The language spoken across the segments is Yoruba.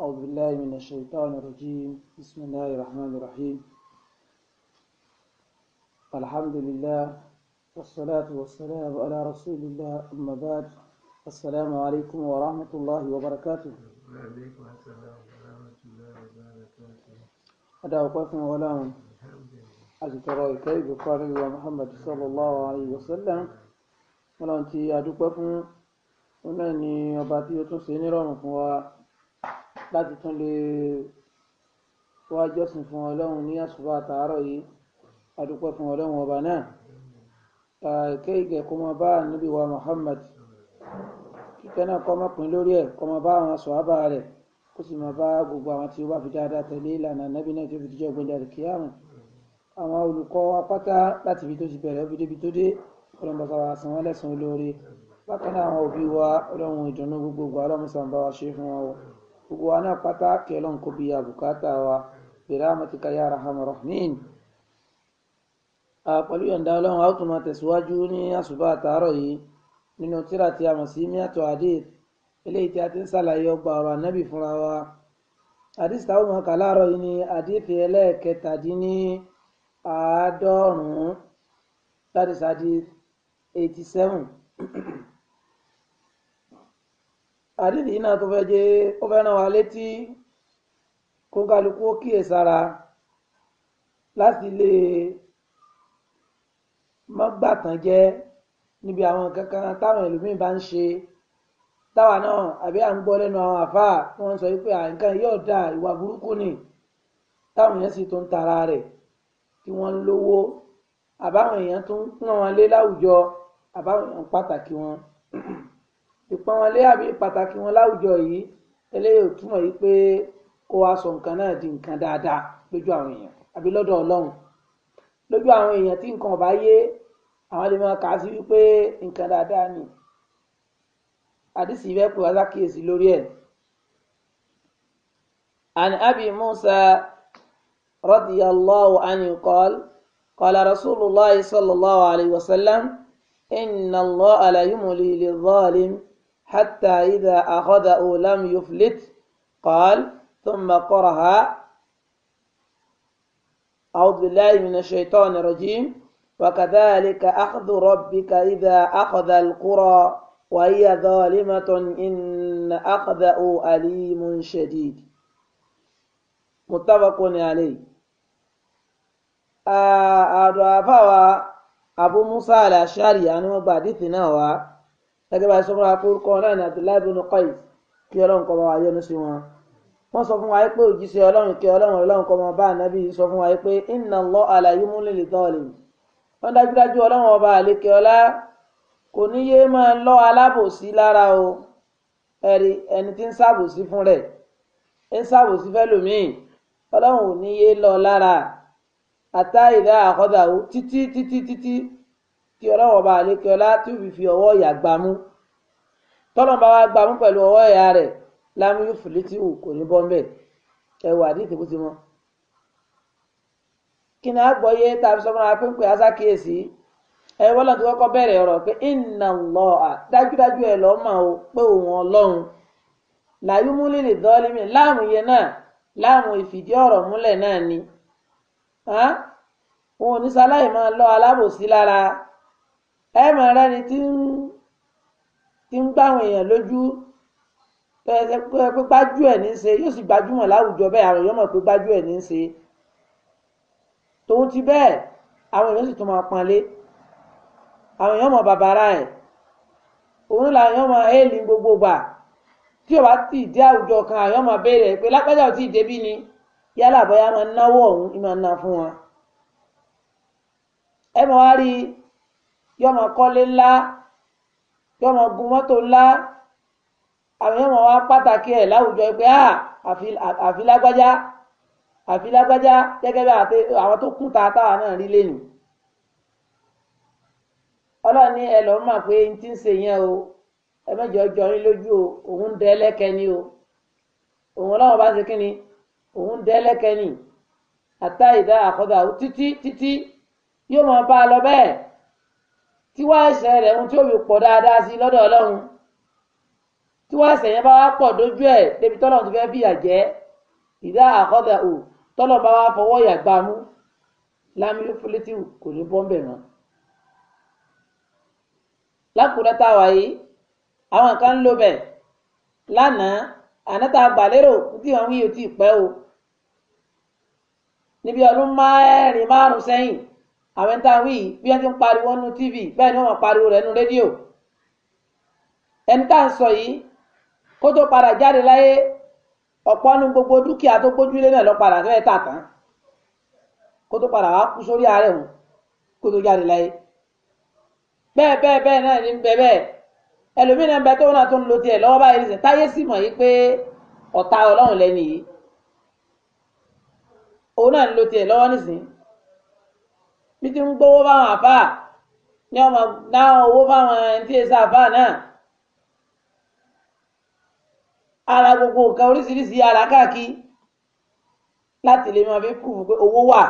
أعوذ بالله من الشيطان الرجيم بسم الله الرحمن الرحيم الحمد لله والصلاة والسلام على رسول الله أما بعد السلام عليكم ورحمة الله وبركاته وعليكم السلام ورحمة الله وبركاته هذا وقفنا ولا أجترى الكيب محمد صلى الله عليه وسلم ولا أنت أدوكم ونني أباتي وتنسيني رحمة الله láti tún lè wá jọ́sìn fún ọlọ́run ní àsùbá àtàárọ̀ yìí adúpẹ́ fún ọlọ́run ọba náà àìkẹ́ ìgẹ̀ kó máa bá ànábì wa Muhammad kíkẹ́ náà kó máa pín lórí ẹ̀ kó máa bá àwọn sọ̀hábà rẹ̀ kó sì máa bá gbogbo àwọn tí ó bá fi dáadáa tẹ̀lé ìlànà ànábì náà tó fi dijọ́ gbẹ̀dẹ̀ kíyàmù àwọn olùkọ́ wa pátá láti ibi tó ti bẹ̀rẹ̀ fi débi tó dé ọlọ́mọba wa san wọ́n lẹ́san olóore bákan náà àwọn òbí wa ọlọ́run ìdùnnú gbogbogbò ọlọ́mọsàn bá wa ṣe fún wọn o gbogbo wa náà pátá kí ọlọ́run kó bí àbùkátà wa birahmatika ya arhamar rahimin pẹ̀lú yọ̀ǹda ọlọ́run a ó tún máa tẹ̀síwájú ní àṣùbà àtàárọ̀ yìí nínú tírà tí a mọ̀ sí miato hadith eléyìí tí a ti ń ṣàlàyé ọgbà ọ̀rọ̀ ànábì fúnra wa hadith táwọn ọmọ àdìdì yìí náà tó fẹ́ jẹ́ ó fẹ́ ràn wá létí kó kálukú ó kíyè sára láti lè mọ́gbàtàn jẹ́ níbi àwọn kankan táwọn ẹlòmíín bá ń ṣe táwa náà àbí à ń gbọ́ lẹ́nu àwọn àfáà tí wọ́n sọ wípé àǹkan yóò dà ìwà burúkú ni táwọn èèyàn sì tún tara rẹ̀ tí wọ́n ń lówó àbáwọn èèyàn tún ń pọ́n wọn lé láwùjọ àbáwọn èèyàn pàtàkì wọn. ìpọ́nlé àbí pàtàkì wọn láwùjọ yìí eléyìí ò túmọ̀ yìí pé kó wá sọ nǹkan náà di nǹkan dáadáa lójú àwọn èèyàn àbí lọ́dọ̀ ọlọ́run lójú àwọn èèyàn tí nǹkan ọ̀bá yé àwọn lè máa kà á sí wípé nǹkan dáadáa ni àdìsí ìfẹ́ pè wá sákìyèsí lórí ẹ̀. عن أبي موسى رضي الله عنه قال قال رسول الله صلى الله عليه وسلم إن الله لا حتى إذا أخذه لم يفلت قال ثم قرها أعوذ بالله من الشيطان الرجيم وكذلك أخذ ربك إذا أخذ القرى وهي ظالمة إن أخذه أليم شديد متفق عليه أدعى آه، آه، آه، أبو موسى الأشعري أنا يعني مبادث نواه gẹ́gẹ́ bá a sọ fún wa pé orúkọ náà ní Abdullahi bin Qais kí Ọlọ́run kó bá wa yọ́nú sí wọn wọ́n sọ fún wa pé òjíṣẹ́ Ọlọ́run kí Ọlọ́run Ọlọ́run kó máa bá ànábì sọ fún wa pé inna Allaha la yumlil lidhalim wọ́n dájúdájú Ọlọ́run ọba àlékè ọlá kò ní yé máa lọ́ alábòsí lára o ẹ̀rí ẹni tí ń ṣàbòsí fún rẹ̀ ń ṣàbòsí fẹ́lòmíì Ọlọ́run ò ní yé lọ lára àtá ìdá títí títí títí kí ọlọ́wọ́n bá àlékè ọlá tí ó fi fi ọwọ́ ìyà gbámú tọ́lọ́n bá wá gbámú pẹ̀lú ọwọ́ ìyà rẹ̀ lámú yóò fìlí tí wù kò ní bọ́ mbẹ́ ẹ wà ní ìtìkú ti mọ́. kí ni àgbọ̀yé tá a fi sọ́kùnrin apínpín asákèésí ẹ wọ́n lọ́n ti kọ́kọ́ bẹ̀rẹ̀ ọ̀rọ̀ pé iná lọ à dájúdájú ẹ lọ́ mà ó pé òun ọlọ́run làyú múlẹ̀ lè dọ́ọ́lí mi láàmú náà láàmú ìfìdí ọ̀rọ̀ múlẹ̀ náà ni òun ò ní sáláì máa lọ alábòsí lára ẹ máa rẹni tí ń tí ń gbáwọn èèyàn lójú pé gbájú ẹ̀ ní í ṣe yóò sì gbajúmọ̀ láwùjọ bẹ́ẹ̀ àwọn èèyàn mọ̀ pé gbájú ẹ̀ ní í ṣe tòun ti bẹ́ẹ̀ àwọn èèyàn sì tún máa panlé àwọn èèyàn mọ̀ bàbàrà ẹ̀ òun làwọn èèyàn mọ̀ éèlì gbogbo gbà tí o bá ti dé àwùjọ kan àwọn èèyàn mọ̀ béèrè pé lápẹ́jà tí ì débí ni yálà bóyá máa náwó ọ̀hún ìmọ̀ ná fún wọn ẹ mọ̀ wá rí i yóò máa kọ́lé ńlá yóò máa gun mọ́tò ńlá àwọn yóò máa wá pàtàkì ẹ̀ láwùjọ pé à àfi lágbájá àfi lágbájá gẹ́gẹ́ bí àwọn tó kún tata náà rí lẹ́yìn ọlọ́run ní ẹ lọ́ọ́ mọ̀ pé n ti ń ṣe yẹn o ẹ mẹ́jọ jọ yín lójú o òun dẹ́ lẹ́kẹ́ ni o òun ọlọ́run bá ṣe kí ni òun dẹ́ lẹ́kẹ́ ni àtàyè dá àkọ́dà títí títí yóò máa bá a lọ bẹ́ẹ̀ tí wá ẹ̀ṣẹ̀ rẹ̀ ohun tí ó fi pọ̀ dáadáa sí lọ́dọ̀ Ọlọ́run tí wá ẹ̀ṣẹ̀ yẹn bá wá pọ̀ dójú ẹ̀ débi tọ́lọ́run ti fẹ́ fìyà jẹ ìdá àkọdà ò tọ́lọ́run bá wá fọwọ́ yà gbámú lámìlú fúlétìwù kò ní bọ́ bẹ̀ lákùúrẹ́ tá a wà yìí àwọn kan ń lo bẹ̀ lánàá ànáta gbàlérò tí wọn wí yóò ti pẹ́ o níbi ọdún mẹ́rin márùn sẹ́yìn àwọn ẹni tá a wí bí wọ́n ti ń pariwo nu tv bẹ́ẹ̀ ni wọ́n pariwo rẹ̀ nu rédíò ẹni tá à ń sọ yìí kó tó padà jáde láyé ọ̀pọ̀ nu gbogbo dúkìá tó gbójúlé náà lọ padà fẹ́ẹ́ tà tán kó tó padà wá kú sórí àárẹ̀ wọn kó tó jáde láyé bẹ́ẹ̀ bẹ́ẹ̀ bẹ́ẹ̀ náà ní bẹ́ẹ̀ bẹ́ẹ̀ ẹlòmíràn bẹ tóun náà tó ń lo tiẹ̀ lọ́wọ́ báyìí nìsín táyé sì mọ̀ yìí pé ọ̀tá ọlọ́run lẹ́ni yìí òun náà ń lo tiẹ̀ lọ́wọ́ nìsín bí ti ń gbowó báwọn àfà ní ọmọ dáhùn owó báwọn ẹni tí èsì àfà náà ara gbogbo nǹkan oríṣiríṣi ara káàkiri láti lè máa fi púrùfù pé owó wà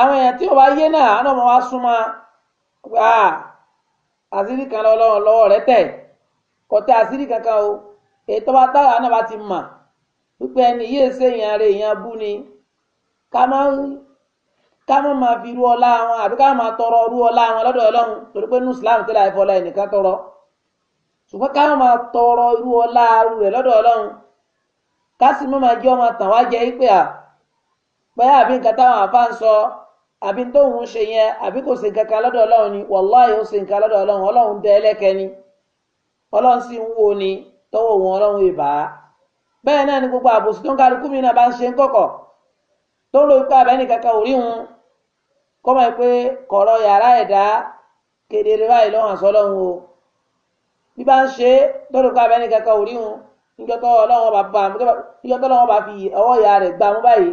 àwọn èèyàn tí ò bá yé náà àwọn ọmọ wa súnmọ́ gbà àṣírí kan lọ́wọ́ lọ́wọ́ rẹ tẹ̀ kọtẹ àṣírí kankan o èyí tó bá táwọn àná bá ti mà wípé ẹni yìí ṣe èèyàn èèyàn bú ni ká máa ń ká ma máa fi ru ọlá wọn àbí ká máa tọrọ ru ọlá wọn lọ́dọ̀ Ọlọ́run torí pé nù Islam tó láì fọlá ẹnìkan tọrọ ṣùgbọ́n ká máa tọrọ ru ọlá rẹ̀ lọ́dọ̀ Ọlọ́run ká sì má máa jẹ́ ọmọ tàn wá nkata pé à bẹ́ẹ̀ àbí nǹkan táwọn àfa ń sọ àbí tóun ṣe yẹn àbí kò ni wàláì ó ṣe nǹkan dẹ ni sì ni tọwọ òun ìbá náà ni gbogbo àbòsí kọ́mọ̀ ẹ pé kọ̀rọ̀ yàrá ẹ̀dá kedere báyìí lọ́wọ́ àsọlọ́hún o bí bá ń ṣe tọ́lù ká abẹ́ni kankan ò rí wọn níjọ́ tọ́ ọlọ́wọ́n bá bá níjọ́ tọ́ ọlọ́wọ́n bá fi ọwọ́ ìyá rẹ̀ gbá mú báyìí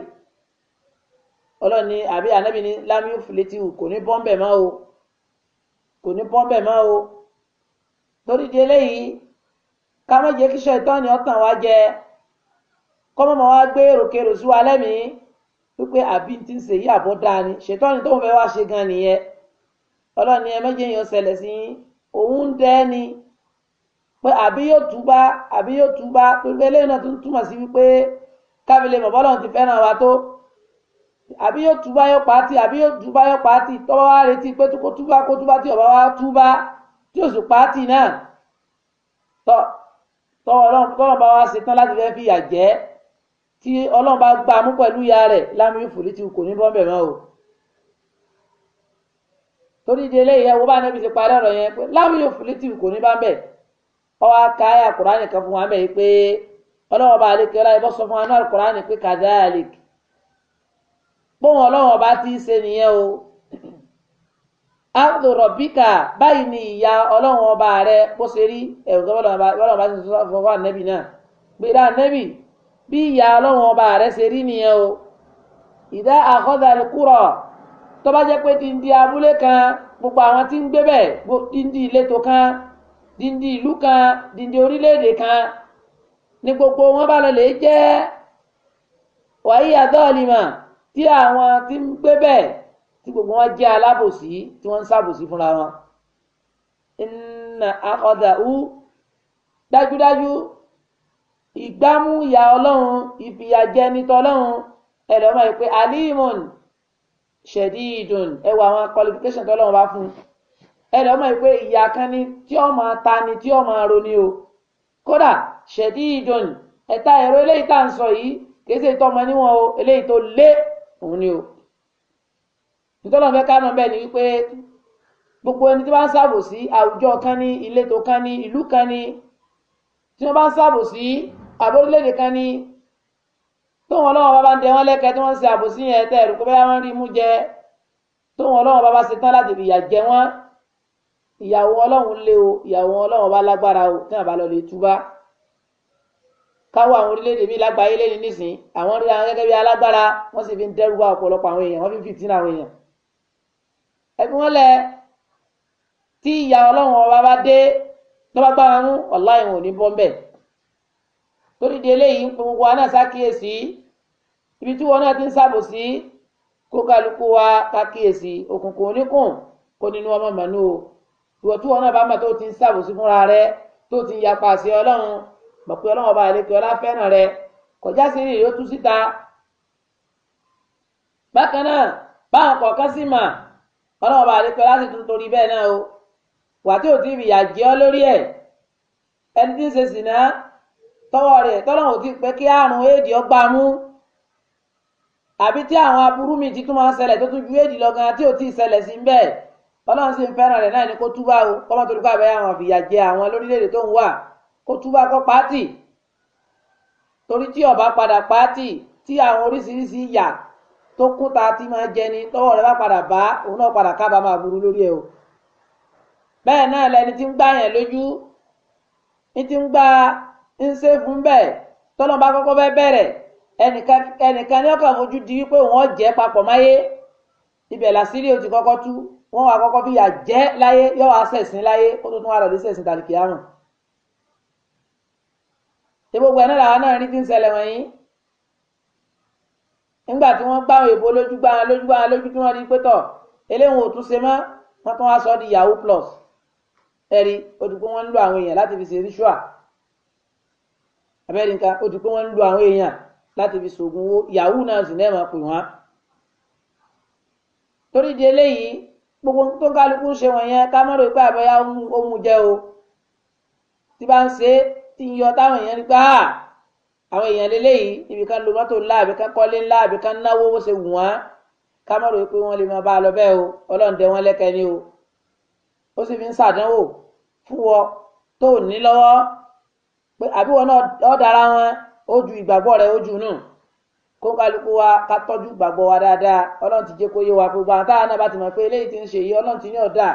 ọlọ́run ni àbí ànábì ní lámíù fìlétìwù kò ní bọ́ńbẹ̀ mọ́ o kò ní bọ́ńbẹ̀ mọ́ o torí di eléyìí ká má jẹ́ kí ìtọ́ni ọ̀tàn wa jẹ kọ́mọ́mọ́ wa gbé èròkèrò sí wa lẹ́mìí wípé àbí ti ń ṣe yí àbọ̀ dáa ni ṣètọ́ni tóun fẹ́ wá ṣe gan nìyẹn ọlọ́ni ẹ méjì yẹn ṣẹlẹ̀ sí yín òun ń dẹ́ ni pé àbí yóò túbá àbí yóò túbá pé lẹ́yìn náà tún túmọ̀ sí wípé kábílẹ̀ bàbá ọlọ́run ti fẹ́ràn wa tó àbí yóò túbá yóò pàtì àbí yóò túbá yóò pàtì tọ́wọ́ wa retí pé kó túbá kó túbá tí ọba wa túbá tí oṣù pàtì náà tọ́ tọ́wọ́ ọlọ́run bá wa ṣetán láti fẹ́ fìyà jẹ ẹ́. tí ọlọ́run bá gbà mú pẹ̀lú ìyá rẹ̀ lámì ìfòrí tí kò ní bọ́m̀bẹ̀ mọ́ o torí di eléyìí ẹ wo bá níbi ti parí ọ̀rọ̀ yẹn pé lámì ìfòrí tí kò ní aka ayé fún wa pé ọlọ́run bá lè kẹ́ra ẹbọ́ sọ fún wa náà pé bóun ọlọ́run ọba ti ṣe nìyẹn o báyìí ni ìyá ọlọ́run ọba rẹ ṣe rí tó bí ìyá ọlọ́run ọba rẹ ṣe rí nìyẹn o ìdá àkọ́dà kúrọ̀ tó bá jẹ́ pé dindi abúlé kan gbogbo àwọn tí ń gbé bẹ̀ díndín ìletò kan díndín ìlú kan díndín orílẹ̀-èdè kan ní gbogbo wọn bá lọlẹ̀ jẹ́ wàyí àdọ́ọ̀lìmọ̀ tí àwọn tí ń gbé bẹ̀ tí gbogbo wọn jẹ́ alábòsí tí wọ́n ń ṣàbòsí fúnra wọn. ìnà àkọ́dà ú dájúdájú ìgbámúyà ọlọ́run ìfìyàjẹni tọlọ́run ẹ̀rọ máa ń pè alimon ṣẹ̀dídùn ẹwà àwọn qualification tọlọ́run bá fún un ẹ̀rọ máa ń pè ìyá kan ni tí ó máa ta ni tí ó máa roni o kódà ṣẹ̀dídùn ẹ̀ta ẹ̀rọ eléyìí tá à ń sọ yìí kì í ṣe ìtọ́mọ o eléyìí tó lé òun ni o ìtọ́lọ́fẹ́ kánú bẹ́ẹ̀ ni wípé gbogbo ẹni tí wọ́n bá ń ṣàbòsí àwùjọ kan ní ìletò kan ní ìlú kan ní tí wọ́n bá ń ṣàbòsí àbí orílẹ̀-èdè kan ní tóun ọlọ́run bàbá ń tẹ wọ́n lẹ́kẹ́ tí wọ́n ń ṣe àbòsí yẹn tẹ́ ẹ̀rù pé báyà wọ́n rí mú jẹ tóun ọlọ́run bàbá ṣe tán láti fìyà jẹ wọ́n ìyàwó ọlọ́run lé o ìyàwó ọlọ́run bá lágbára o tí àbá lọ lè túbá káwọ àwọn orílẹ̀-èdè mi lágbàáyé lẹ́ni nísìn àwọn rí àwọn gẹ́gẹ́ bí alágbára wọ́n sì fi ń dẹ́rù bá ọ̀pọ̀lọpọ̀ àwọn èèyàn wọ́n fi ń fìtínà àwọn èèyàn ẹbí wọn lẹ tí ìyà ọlọ́run ọba bá dé lọ́ba gbá wọn mú ọ̀la ìwọ̀n ò ní bọ́ mbẹ́ torí di eléyìí ń pọn gbogbo wa náà ṣàkíyèsí ibi tí wọn náà ti ń ṣàbòsí kó kálukú wa kákíyèsí òkùnkùn oníkùn kó nínú ọmọ màánú o ìwọ tí wọn náà bá mọ tó ti ń ṣàbòsí fúnra rẹ tó ti ń yapa àṣẹ Ọlọ́run mọ pé Ọlọ́run ọba àlekè ọlá fẹ́ràn rẹ kọjá sí rírì ó tú síta bákan náà báwọn kọ̀ọ̀kan sì mà Ọlọ́run ọba àlekè ọlá sì tún torí bẹ́ẹ̀ náà o wà tí ò tí ì fìyà jẹ ọ lórí ẹ ẹni tí ń ṣe sì náà tọwọ́ rẹ̀ tọ́lọ́hún ti pé kí àrùn éèdì ọgbà mú àbí tí àwọn aburú mi ti tún máa ń ṣẹlẹ̀ tó tún ju éèdì lọ gan tí ò tí ì ṣẹlẹ̀ sí bẹ́ẹ̀ ọlọ́run sì ń fẹ́ràn rẹ̀ náà ni kó túbà o kọ́mọ́ torí pàbẹ́ àwọn àfìyà jẹ àwọn lórílẹ̀‐èdè tó ń wà kó túbà kọ́ pàátì torí tí ọba padà pàátì tí àwọn oríṣiríṣi ìyà tó kún ta ti máa jẹni tọ́wọ́ rẹ̀ bá padà bá òun náà padà kábàámọ̀ aburú lórí ẹ̀ o bẹ́ẹ̀ náà lẹni tí ń gbá yẹn lójú ní ti ń gbá ń ṣèfù bẹ́ẹ̀ tọ́lọ́ bá kọ́kọ́ fẹ́ bẹ̀rẹ̀ ẹnìkan ní ọkàn fojú di wípé wọ́n jẹ́ papọ̀ máyé ibẹ̀ làṣírí o ti kọ́kọ́ tú wọ́n wá kọ́kọ́ fìyà jẹ́ láyé yọ wá ṣẹ̀sìn láyé ó tó tún wá lọ́dún ṣẹ̀sìn tàbí àrùn. ìgbogbo ẹ̀ náà làwọn náà rí ti ń ṣẹlẹ̀ wọ̀nyí nígbà tí wọ́n gbá òyìnbó lójú gbá wọn lójú gbá wọn lójú tí wọ́n rí pé tọ̀ eléwọn ò tún ṣe mọ́ wọ́n tún wá sọ ọ́ di yahoo plus ẹ̀rí odùgbò wọn ń lo àwọn èèyàn láti fi ṣe ritual abẹ́rẹ́ nǹkan ó ti pé wọ́n ń lu àwọn èèyàn láti fi ṣoògùn owó yahoo náà sì náà máa pè wọ́n. torí di eléyìí gbogbo tó ń kálukú ń ṣe wọ̀nyẹn ká má rò pé àbáyá ó mú jẹ́ o tí bá ń ṣe é ti ń yọ táwọn èèyàn ní àwọn èèyàn lélẹ́yìí ibi kan lo mọ́tò ńlá àbí kan kọ́lé ńlá àbí kan náwó bó ṣe wù wọ́n ká má rò wọ́n lè máa bá a lọ bẹ́ẹ̀ o ọlọ́run dẹ wọ́n lẹ́kẹ́ ni o ó sì fi ń ṣàdánwò fún ọ tó ní lọ́wọ́ pé àbí wọn náà ọ dára wọn ó ju ìgbàgbọ́ rẹ̀ ó ju nù kó kálukú wa ká tọ́jú ìgbàgbọ́ wa dáadáa Ọlọ́run ti jẹ́ kó yé wa gbogbo àwọn táwọn náà bá ti mọ̀ pé eléyìí ti ń ṣe yìí Ọlọ́run ti ní ọdà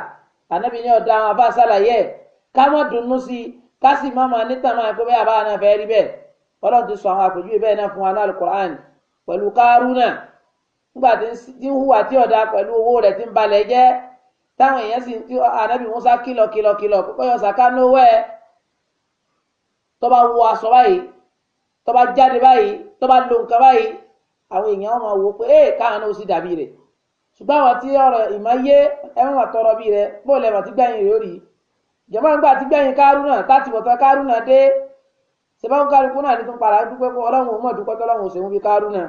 ànábì ní ọdà àwọn àbá sàlàyé ẹ ká má dunnú sí i ká sì má máa nítàn máa pé bẹ́ẹ̀ àbá náà fẹ́ẹ́ rí bẹ́ẹ̀ Ọlọ́run ti sọ àwọn àpèjúwe bẹ́ẹ̀ náà fún wa náà Qur'an pẹ̀lú Kárúnà nígbà tí ń hùwà tí ọdà pẹ̀lú owó rẹ̀ ti ń balẹ̀ jẹ́ táwọn èèyàn sì ànábì Musa kìlọ̀ kìlọ̀ kìlọ̀ pé yọ sàkánú wẹ́ẹ́ tó bá wọ aṣọ báyìí tó bá jáde báyìí tó bá lo nǹkan báyìí àwọn èèyàn máa wò pé ee káwọn náà ó sì dàbí rẹ̀ ṣùgbọ́n àwọn tí ọ̀rọ̀ ìmọ̀ yé ẹ má tọrọ bí rẹ̀ bóòlù ẹ̀ mà ti gbẹ̀yìn rẹ̀ ó rí jọ̀mọ́ nígbà tí gbẹ̀yìn kárúnà láti bọ̀tán kárúnà dé sèbáwọn kárúkú náà ní tó ń para dúpẹ́ pé ọlọ́run ò mọ̀ dúpẹ́ tó ọlọ́run ò sèwọ́n bí kárúnà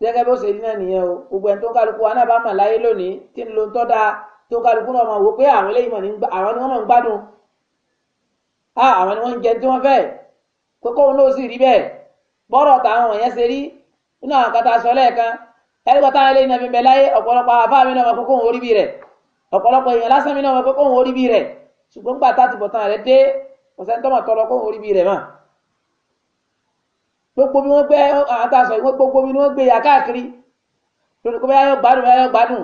gẹ́gẹ́ bó ṣe rí náà nìyẹn o gbogbo ẹni tó ń kálukú wa náà bá mà láyé lónìí tí ń lo ń tọ́ da tó ń kálukú náà mọ̀ wò pé àwọn eléyìí mọ̀ ní gbádùn àwọn ni wọ́n ń jẹ tí wọ́n fẹ́ pé kóun náà sì rí bẹ́ẹ̀ bọ́rọ̀ ṣe a sọ lẹ́ẹ̀kan ẹ̀ríkọ́ táwọn eléyìí náà láyé ọ̀pọ̀lọpọ̀ náà rẹ̀ ọ̀pọ̀lọpọ̀ èèyàn lásán mi náà rẹ̀ ṣùgbọ́n gbà tá a ti bọ̀ tán rẹ̀ dé ọ̀sẹ̀ tó mọ̀ tọrọ kóun orí bí rẹ̀ mà. gbogbo bí wọ́n gbé àwọn tá a sọ ìwọ́n gbogbo bí wọ́n gbé ya káàkiri lórí kó bẹ́ẹ̀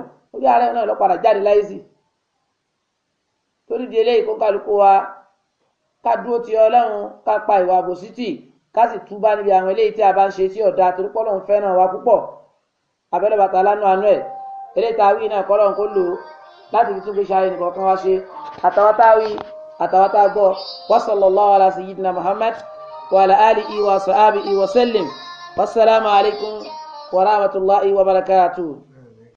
ká dúró ti ọlọ́run ká pa ìwà àbòsí tì ká sì túbá níbi àwọn eléyìí tí a bá ń ṣe tí ọ̀dà torí pọ́lọ́run fẹ́ràn wa púpọ̀ abẹ́lẹ́ bàtà lánàá àánú ẹ̀ eléyìí tá a wí náà kọ́lọ́run kó lò ó láti fi tún gbé ṣáà ẹnìkan kan wá ṣe àtàwọn tá a wí àtàwọn tá a gbọ́ wa sallallahu ala sayyidina Muhammad wa ala alihi wa sahbihi wa sallim wassalamu alaikum wa rahmatullahi wa